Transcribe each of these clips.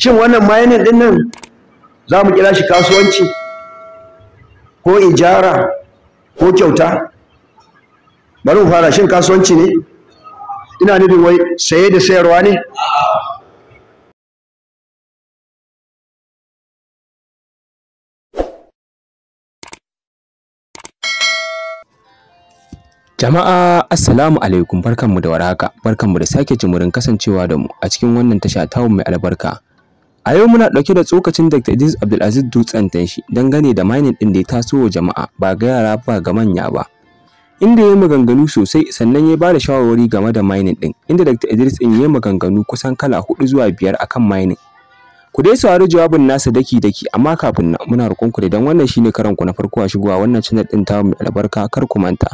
shin wannan mining din nan za mu kira shi kasuwanci ko ijara ko kyauta bari mu fara shin kasuwanci ne ina nufin wai saye da sayarwa ne Jama'a assalamu alaikum barkanmu da warhaka barkanmu da sake jimurin kasancewa da mu a cikin wannan tasha tawun mai albarka A yau muna ɗauke da tsokacin Dr. Idris Abdulaziz Dutsen Tanshi gane da mining ɗin da ya taso wa jama'a ba ga yara ba ga manya ba. Inda ya yi maganganu sosai sannan ya ba da shawarwari game da mining ɗin inda Dr. Idris ɗin ya yi maganganu kusan kala hudu zuwa biyar akan mining. Ku dai saurari jawabin nasa daki-daki amma kafin nan muna roƙon ku don wannan shine karan ku na farko a shigowa wannan channel ɗin ta mu albarka kar ku manta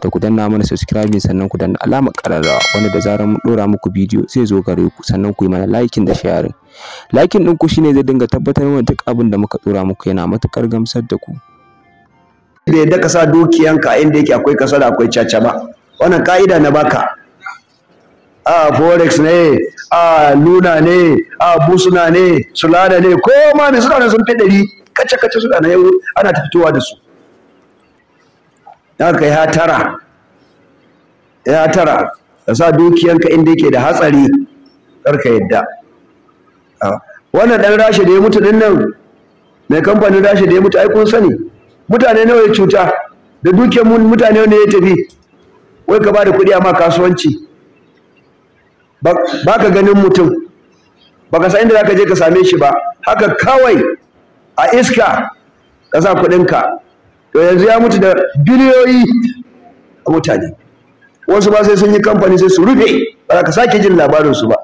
da ku danna mana subscribe sannan ku danna alamar ƙararrawa wanda da zarar mun ɗora muku bidiyo zai zo gare ku sannan ku yi mana liking da sharing. Lakin din ku shine zai dinga tabbatar mana duk abin da muka ɗora muku yana matuƙar gamsar da ku. Da yadda ka sa dukiyanka a inda yake akwai kasa da akwai caca ba. Wannan ka'ida na baka. a forex ne a luna ne a busuna ne sulada ne ko ma ne suna sun fi ɗari kace kace suna na yau ana ta fitowa da su haka ya tara ya tara ka sa dukiyanka inda yake da hatsari karka yadda wannan dan rashi da ya mutu din nan mai kamfanin rashi da ya mutu ai kun sani mutane nawa ya cuta da dukiyar mutane ne ya tafi wai ka bada kuɗi amma kasuwanci ba ka ganin mutum ba ka san inda zaka je ka same shi ba haka kawai a iska ka sa kuɗinka to yanzu ya mutu da biliyoyi a mutane wasu ba sai sun yi kamfani sai su rufe ba za ka sake jin labarinsu ba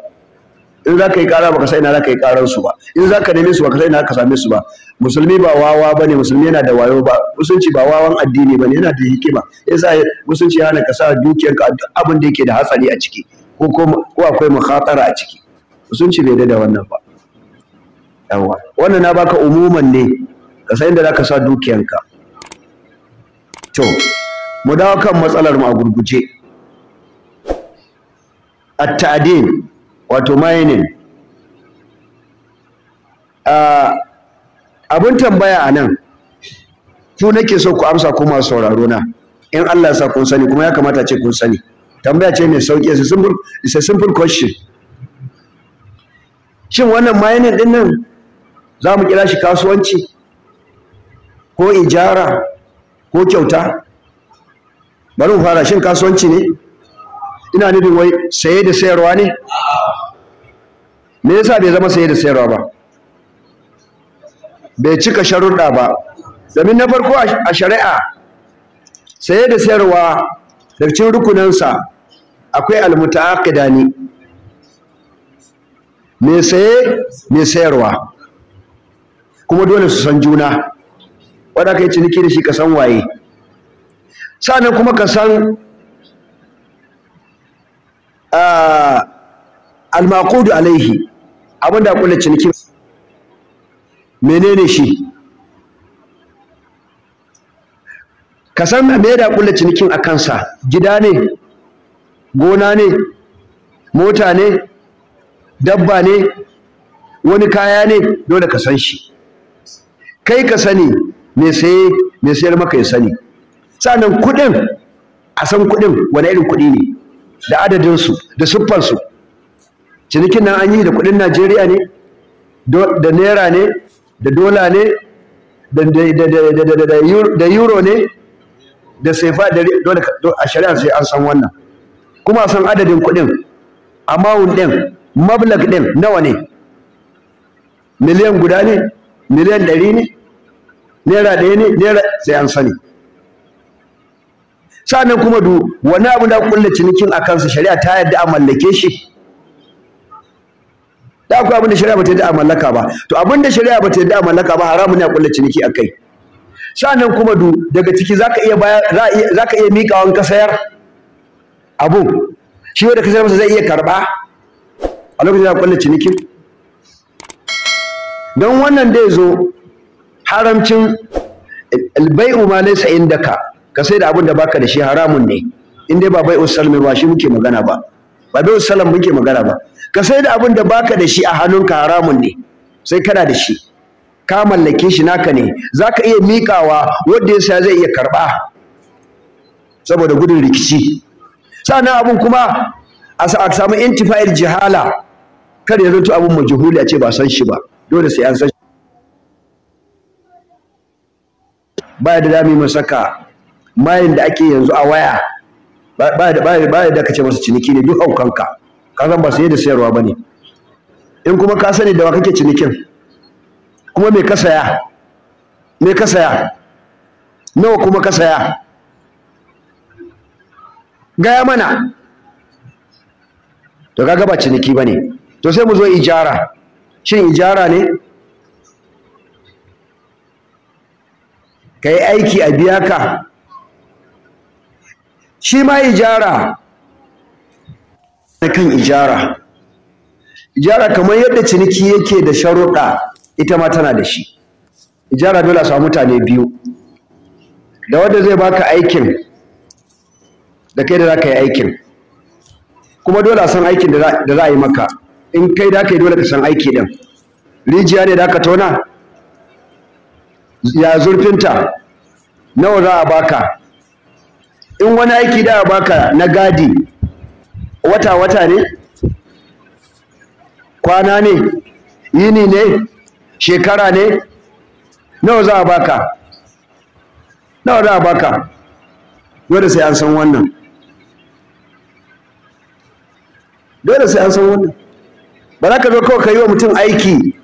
in za ka yi ƙara baka sai ina za ka yi karar su ba in za ka neme su baka sai ina ka same su ba musulmi ba wawa ba ne musulmi yana da wayo ba musulunci ba wawan addini ba ne yana da hikima yasa musulunci ya hana ka sa ka abin da yake da hatsari a ciki ko ko akwai mukhatara a ciki musulunci bai da wannan ba yawa wannan na baka umuman ne ka san inda za ka sa dukiyanka to mu dawo kan matsalar mu a gurguje at-ta'dil wato mining abin tambaya anan, nan ku nake so ku amsa ko masu sauraro na in Allah sa kun sani kuma ya kamata ce kun sani tambaya ce mai sauki it's a simple a simple question shin wannan mining din nan za mu kira shi kasuwanci ko ijara ko kyauta bari mu fara shin kasuwanci ne ina nufin wai saye da sayarwa ne me yasa bai zama saye da sayarwa ba bai cika sharuɗa ba domin na farko a shari'a saye da sayarwa daga cikin rukuninsa akwai ne me saye me sayarwa kuma dole su san juna wanda kai ciniki da shi ka san waye sannan kuma ka san Ah, Almakudu alaihi abin da kula ciniki menene shi ka san me da kula cinikin a kansa gida ne gona ne mota ne dabba ne wani kaya ne dole ka san shi kai ka sani me sai me sayar maka ya sani sannan kuɗin a san kuɗin wani irin kuɗi ne da adadinsu da siffarsu cinikin nan an yi da kuɗin najeriya ne da naira ne da dola ne da euro ne da sefa da dole a shari'a sai an san wannan kuma san adadin kuɗin amount ɗin mablag ɗin nawa ne miliyan guda ne miliyan ɗari ne naira ɗaya ne naira sai an sani sannan kuma du wani abu da kullu cinikin a kansa shari'a ta yadda a mallake shi da akwai abin da shari'a ba ta yadda a mallaka ba to abin da shari'a ba ta yadda a mallaka ba haramun ne a kullu ciniki a kai kuma du daga ciki zaka iya bayar zaka iya miƙa wan ka sayar abu shi wanda ka sayar masa zai iya karba a lokacin da kullu cinikin don wannan dai zo haramcin albay'u ma laysa indaka ka sai da abin da baka da shi haramun ne in dai ba bai'u salmi ba shi muke magana ba ba bai'u salam muke magana ba ka sai da abin da baka da shi a hannunka haramun ne sai kana da shi ka mallake shi naka ne zaka iya miƙawa wanda ya zai iya karɓa saboda gudun rikici sannan abin kuma a samu intifa'il jihala kada ya zanto abin majhuli a ce ba san shi ba dole sai an san shi ba da dami masaka mayin da ake yanzu a waya ba da ka ce masa ciniki ne duk haukanka ka zan ba sai da sayarwa ba ne in kuma ka sani da wa kake cinikin kuma me ka saya me ka saya nawa kuma ka saya gaya mana to kaga ba ciniki ba ne to sai mu zo ijara shin ijara ne ka yi aiki a biya ka shi ma ijara da kan ijara ijara kamar yadda ciniki yake da sharuɗa ita ma tana da shi ijara dole a samu mutane biyu da wanda zai baka aikin da kai da za ka yi aikin kuma dole a san aikin da za a yi maka in kai da ka yi dole ka san aiki din rijiya ne da ka tona ya zurfinta nawa za a baka in wani aiki da baka na gadi wata wata ne kwana ne yini ne shekara ne nawa za a baka nawa za a baka dole sai an san wannan dole sai an san wannan ba za ka zo kawai ka yi wa mutum aiki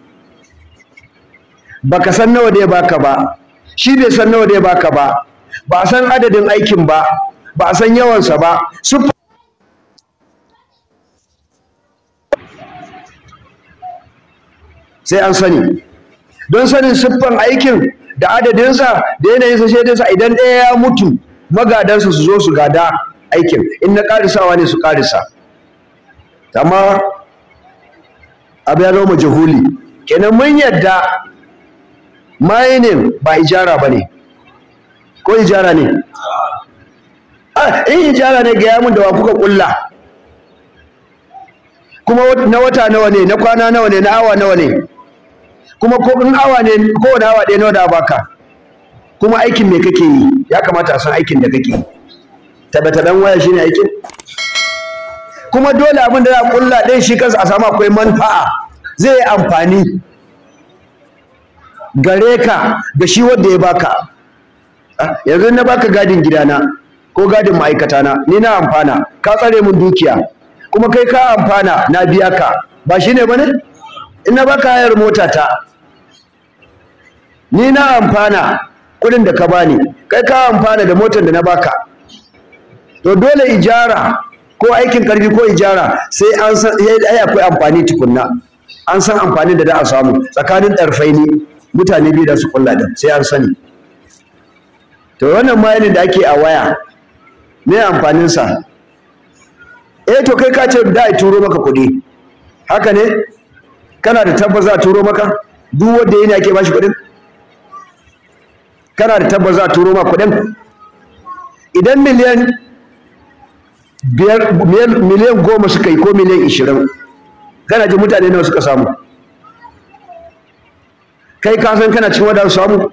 ba ka san nawa da ya baka ba shi bai san nawa da ya baka ba ba san adadin aikin ba ba san yawansa ba su sai an sani don sanin siffan aikin da adadinsa da yanayinsa shaidansa idan ɗaya ya mutu magadansa su zo su gada aikin in na ƙarisawa ne su ƙarisa amma abu ya zama jahuli kenan mun yadda mining ba ijara ba ne ko ijara ne ah, in ijara ne ga yamin da wa kuka kulla kuma na wata nawa ne na kwana nawa ne na awa nawa ne kuma ko in awa ne ko wani awa ɗaya nawa da baka kuma aikin me kake yi ya kamata a san aikin da kake tabe waya shine aikin kuma dole abin da za a kulla ɗin shi kansa a samu akwai manfa'a zai yi amfani gare ka ga shi wanda ya baka yanzu na baka gadin gidana ko gadin ma'aikata na ni na amfana ka tsare min dukiya kuma kai ka amfana na biya ka ba shine bane na baka hayar mota ta ni na amfana kudin da ka bani kai ka amfana da motar da na baka to dole ijara ko aikin karfi ko ijara sai an san ai akwai amfani tukunna an san amfanin da da a samu tsakanin ne mutane biyu da su kulla da sai an sani to wannan mining da ake a waya me amfanin sa eh to kai ka ce da ai turo maka kuɗi haka ne kana da tabbas za a turo maka duk wanda yana ake bashi kuɗin kana da tabbas za a turo maka kuɗin idan miliyan biyar miliyan goma suka yi ko miliyan ishirin kana ji mutane nawa suka samu kai ka san kana cikin wadda samu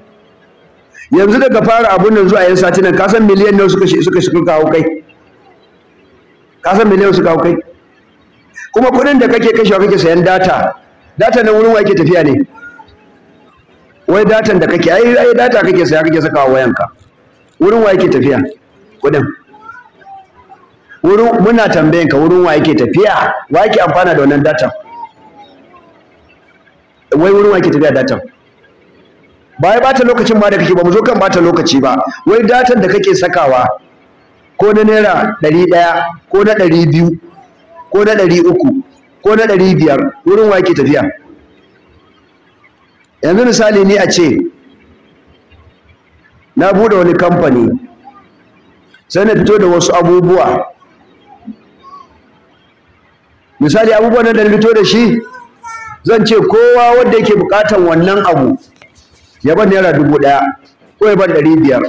yanzu daga fara abun nan zuwa yan sati nan ka san miliyan nawa suka suka suka kawo kai ka san miliyan suka kawo kai kuma kuɗin da kake kashewa kake sayan data data nan wurin wa yake tafiya ne wai datan da kake ai ai data kake saya kake sakawa wayanka wurin wa yake tafiya kuɗin wurin muna tambayan ka wurin wa yake tafiya wa yake amfana da wannan datan wai wurin wa yake tafiya datan ba ya bata lokacin ma da kake ba mu zo kan bata lokaci ba wai datan da kake sakawa ko na naira ɗari ɗaya ko na ɗari biyu ko na ɗari uku ko na ɗari biyar wurin wa yake tafiya yanzu misali ni a ce na buɗe wani kamfani sai na fito da wasu abubuwa misali abubuwan da na fito da shi zan ce kowa wanda yake buƙatar wannan abu ya ban naira dubu ɗaya ko ya ban ɗari biyar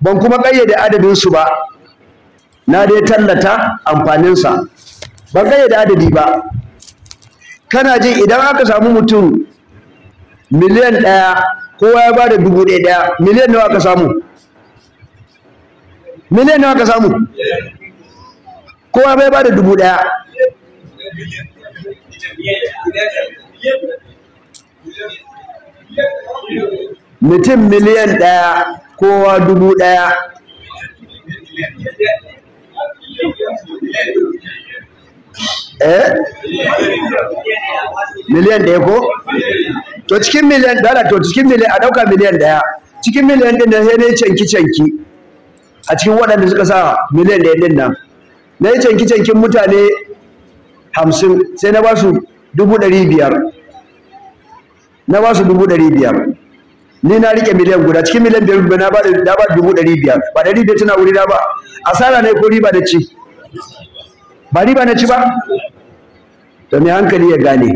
ban kuma ƙayyade adadin su ba na dai tallata amfaninsa ban ƙayyade adadi ba kana ji idan aka samu mutum miliyan ɗaya kowa ya bada dubu ɗaya ɗaya miliyan nawa aka samu miliyan nawa aka samu kowa bai bada dubu ɗaya mutum miliyan ɗaya kowa dubu ɗaya eh miliyan ɗaya ko to cikin miliyan dala to cikin miliyan a ɗauka miliyan ɗaya cikin miliyan ɗin nan sai na yi canki canki a cikin waɗanda suka sa miliyan ɗaya ɗin nan na yi canki canki mutane hamsin sai na ba su dubu ɗari biyar na ba su dubu ɗari biyar ni na rike miliyan guda cikin miliyan biyar na ba da ba dubu ɗari biyar ba ɗari biyar tana wuri na ba asara ne ko riba da ci ba riba na ci ba to mai hankali ya gane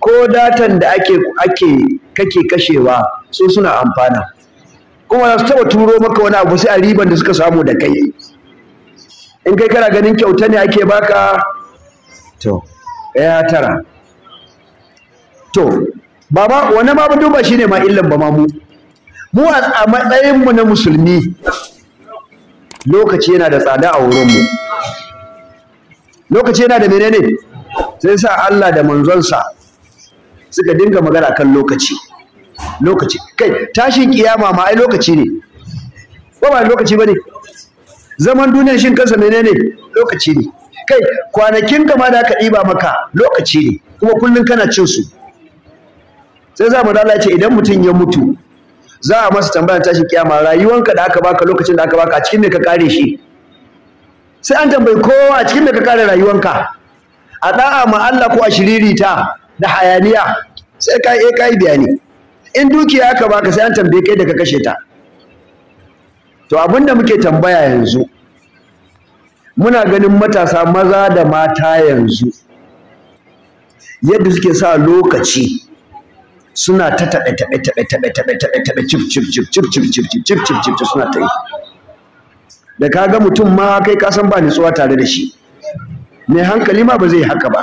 ko datan da ake ake kake kashewa su suna amfana kuma za su taɓa turo maka wani abu sai a riban da suka samu da kai in kai kana ganin kyauta ne ake baka to ya tara to baba ma wani ma duba shine ma illan ba ma mu mu a matsayin mu na musulmi lokaci yana da tsada a wurin mu lokaci yana da menene sai sa Allah da manzonsa suka dinga magana kan lokaci lokaci kai tashin kiyama ma ai lokaci ne ba ba lokaci bane zaman duniya shin kansa menene lokaci ne kai kwanakin ma da aka ɗiba maka lokaci ne kuma kullum kana cin su sai za mu lalace idan mutum ya mutu za a masa tambaya tashi kiyama rayuwanka da aka baka lokacin da aka baka a cikin ne ka kare shi sai an tambayi kowa a cikin ne ka kare rayuwanka a da'a ma Allah ko a shiririta da hayaniya sai ka yi ka bayani in dukiya aka baka sai an tambaye kai da ka kashe ta to abinda muke tambaya yanzu muna ganin matasa maza da mata yanzu yadda suke sa lokaci suna ta taɓe taɓe taɓe taɓe taɓe taɓe taɓe cif cif cif cif cif cif cif cif cif cif suna ta yi da ka ga mutum ma kai ka san ba nutsuwa tare da shi mai hankali ma ba zai haka ba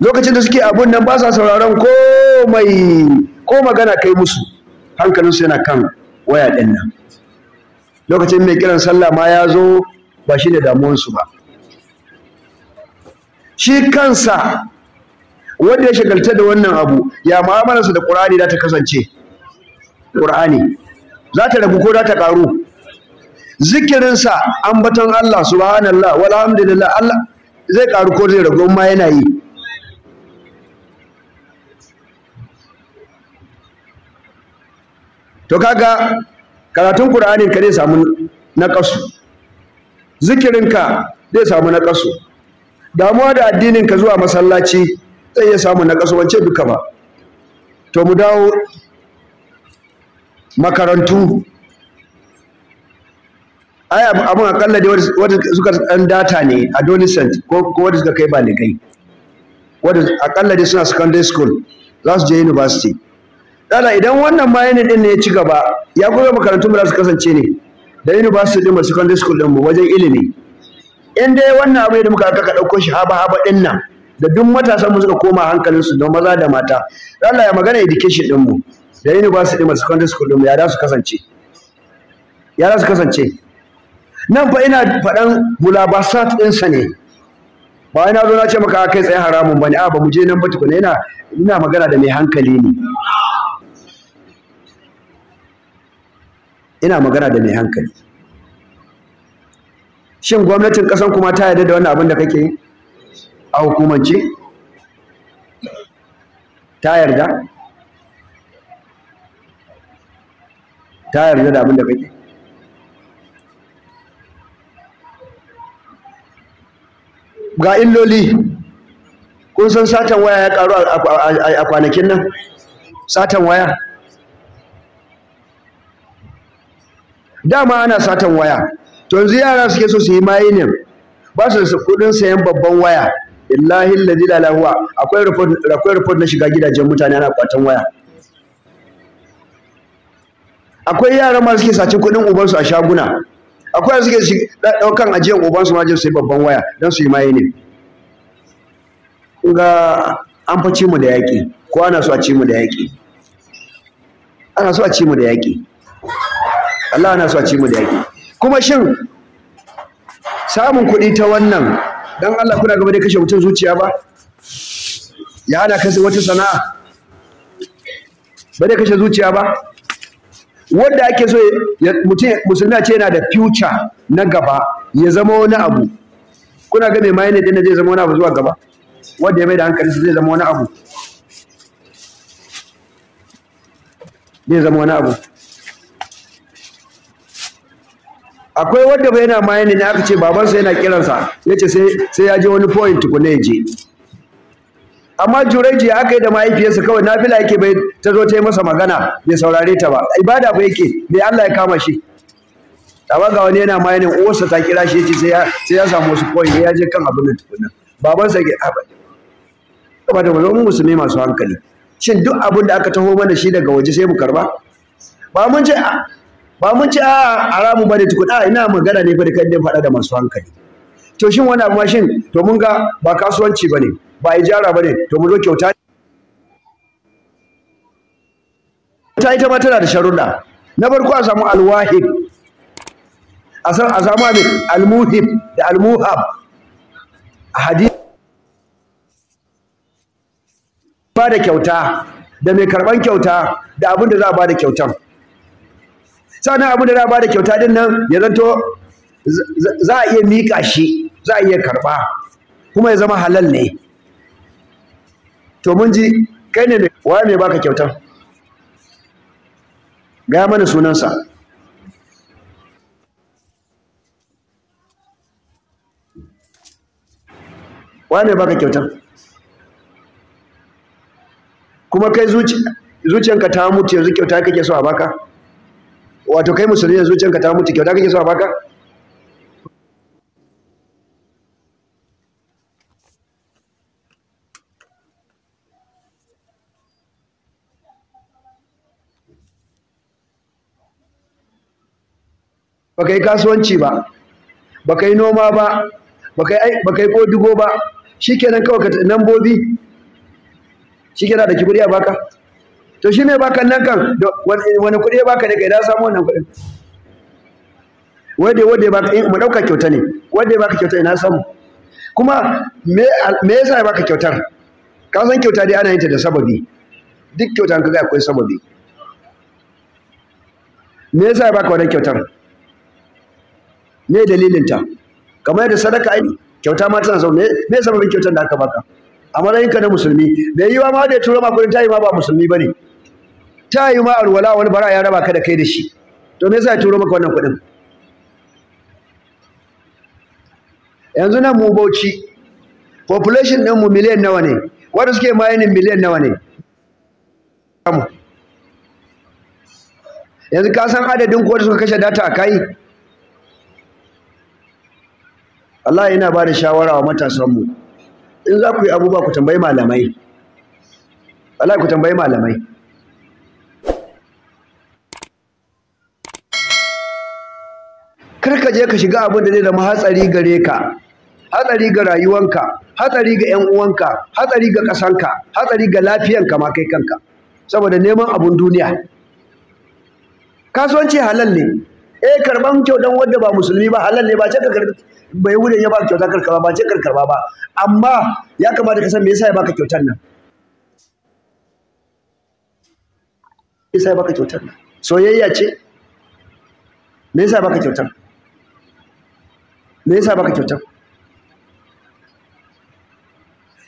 lokacin da suke abun nan ba sa sauraron komai ko magana kai musu hankalinsu yana kan waya ɗin nan lokacin mai kiran sallah ma ya zo ba shi ne damuwansu ba shi kansa wanda ya shagalta da wannan abu ya sa da Qur'ani za ta kasance Qur'ani za ta rabu ko za ta karu zikirinsa ambaton Allah subhanallah walhamdulillah Allah zai karu ko zai ragu ma yana yi to kaga karatun Qur'ani ka zai samu naqasu ka zai samu naqasu damuwa da addinin ka zuwa masallaci zai iya samu na kasuwance duka ba to mu dawo makarantu ai abin akalla dai wadda suka ɗan data ne adolescent ko wadda suka kai baligai wadda akalla dai suna secondary school za su je university dala idan wannan bayanin din ne ya ci gaba ya kuma makarantu ba za su kasance ne da university din ba secondary school din mu wajen ilimi in dai wannan abu da muka aka ɗauko shi haba haba din nan da duk matasan mu suka koma hankalin su don maza da mata Allah ya magana education din mu da university mu secondary school din mu ya da su kasance ya da su kasance nan fa ina faɗan bulabasat sa ne ba ina zo na ce maka kai tsaye haramun bane a ba mu je nan ba tukuna ina ina magana da mai hankali ne ina magana da mai hankali shin gwamnatin ƙasan kuma ta yarda da wannan abin da kake yi a hukumance ta yarda ta yarda da abin da kake ga illoli kun san satan waya ya karu a kwanakin nan satan waya dama ana satan waya to yanzu yara suke so su yi mayinin ne ba su da kudin sayan babban waya illahi allazi la ilaha akwai report akwai report na shiga gidajen mutane ana kwatan waya akwai yaran ma suke sace kuɗin ubansu a shaguna akwai yaran suke daukan ajiyar ubansu ma su babban waya don su yi maye ne ga an fa mu da yaƙi ko ana so a ci mu da yaƙi ana so a ci mu da yaƙi Allah ana so a ci mu da yaƙi kuma shin samun kuɗi ta wannan dan Allah kuna gaba da kashe mutum zuciya ba ya hada kai wata sana'a ba kashe zuciya ba wanda ake so mutum musulmi ce yana da future na gaba ya zama wani abu kuna ga mai mayane din zai zama wani abu zuwa gaba wanda ya mai da hankali zai zama wani abu zai zama wani abu akwai wanda bai yana mayani ne aka ce babansa yana kiransa ya ce sai ya je wani point tukuna ya je amma jureji aka yi da mahaifiyarsa kawai na fila yake bai ta zo ta yi masa magana bai saurare ta ba ibada ba yake bai Allah ya kama shi amma ga wani yana mayani uwarsa ta kira shi ya ce sai ya samu wasu point ya je kan abin da tukuna babansa ke haba kuma da wani musulmi masu hankali shin duk abin da aka taho mana shi daga waje sai mu karba ba mun ce ba mun ci a haramu bane tukuna ina magana ne fa da kan faɗa da masu hankali to shin wani abu ma to mun ga ba kasuwanci bane ba ijara bane to mun zo kyauta ta ita ma tana da sharuɗa na farko a samu alwahid a samu abin almuhib da almuhab a hadisi ba da kyauta da mai karɓan kyauta da abin da za a ba da kyautan sana abu da za a bada kyauta din nan ya zanto za a iya miƙa shi za a iya karɓa kuma ya zama halal ne to mun ji kai ne wa ne baka kyauta gaya mana sunansa wa ne baka kyauta kuma kai zuciyanka ta mutu yanzu kyauta kake so a baka wato kai musulmi ne zuciyarka ta mutu kyauta kake so a baka baka yi kasuwanci ba baka yi noma ba baka yi kodugo ba shi kenan kawai ka shi kenan da kiburiya baka to shi mai baka nan kan wani kuɗi baka ne kai na samu wannan kuɗin wanda wanda baka in eh, mu dauka kyauta ne ya baka kyauta ina samu kuma me me yasa ya baka kyautar ka san kyauta dai ana yin ta da sababi duk kyauta an kaga akwai sababi me yasa ya baka wannan kyautar me dalilin ta kamar yadda sadaka ai kyauta ma tana so, me sababin kyautar da aka baka a matsayinka na musulmi bai yiwa ma da ya tura ma kudin tayi ma ba musulmi bane ta yi ma alwala wani bara ya raba ka da kai da shi to me yasa ya turo maka wannan kuɗin yanzu nan mu bauchi population ɗin mu miliyan nawa ne wanda suke mining miliyan nawa ne yanzu ka san adadin kowa suka kashe data a kai Allah yana ba da shawara wa matasanmu in za ku yi abubuwa ku tambayi malamai Allah ku tambayi malamai ka je ka shiga abin da zai zama hatsari gare ka hatsari ga rayuwanka hatsari ga ƴan uwanka hatsari ga ƙasanka hatsari ga lafiyanka ma kai kanka saboda neman abun duniya kasuwanci halal ne eh karban kyautan wanda ba musulmi ba halal ne ba ce ka karbi bai wurin ya ba kyauta karkarba ba ce karkarba ba amma ya kamata ka san me yasa ya baka kyautar nan yasa ya baka kyautar nan soyayya ce me yasa ya baka kyautar me yasa baka kyauta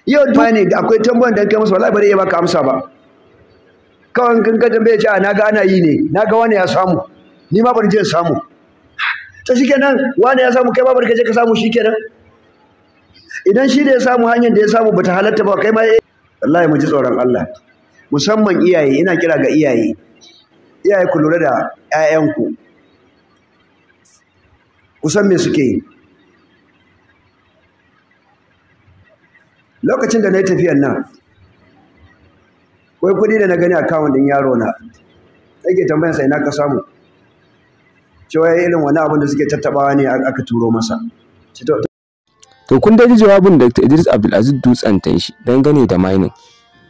yau ba ne akwai tambayar da kai musu wallahi bare ya baka amsa ba kawai kan ka tambaye ce a ah, naga ana yi ne naga wani ya samu ni ma ban je samu to shikenan wani ya samu kai ma ka je ka samu shikenan idan shi da ya samu hanyar da ya samu bata halatta ba kai ma eh. wallahi mu ji tsoron Allah musamman iyaye ina kira ga iyaye iyaye ku lura da 'ya'yanku Kusan me suke yi lokacin da na yi tafiyan nan koi kuɗi da na gani a kawon ɗin yaro na nake tambayan sai na ka samu cewa ya irin wani abin da suke tattabawa ne aka turo masa to kun daji jawabin da Dr. Idris Abdulaziz Dutsen shi gane da mining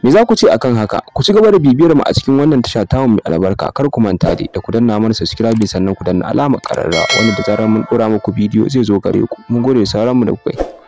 me za ku ce akan haka ku ci gaba da bibiyar mu a cikin wannan tasha ta mu albarka kar ku manta da ku danna mana subscribe sannan ku danna alamar kararra wanda da zarar mun dora muku bidiyo zai zo gare ku mun gode sauran mu da kai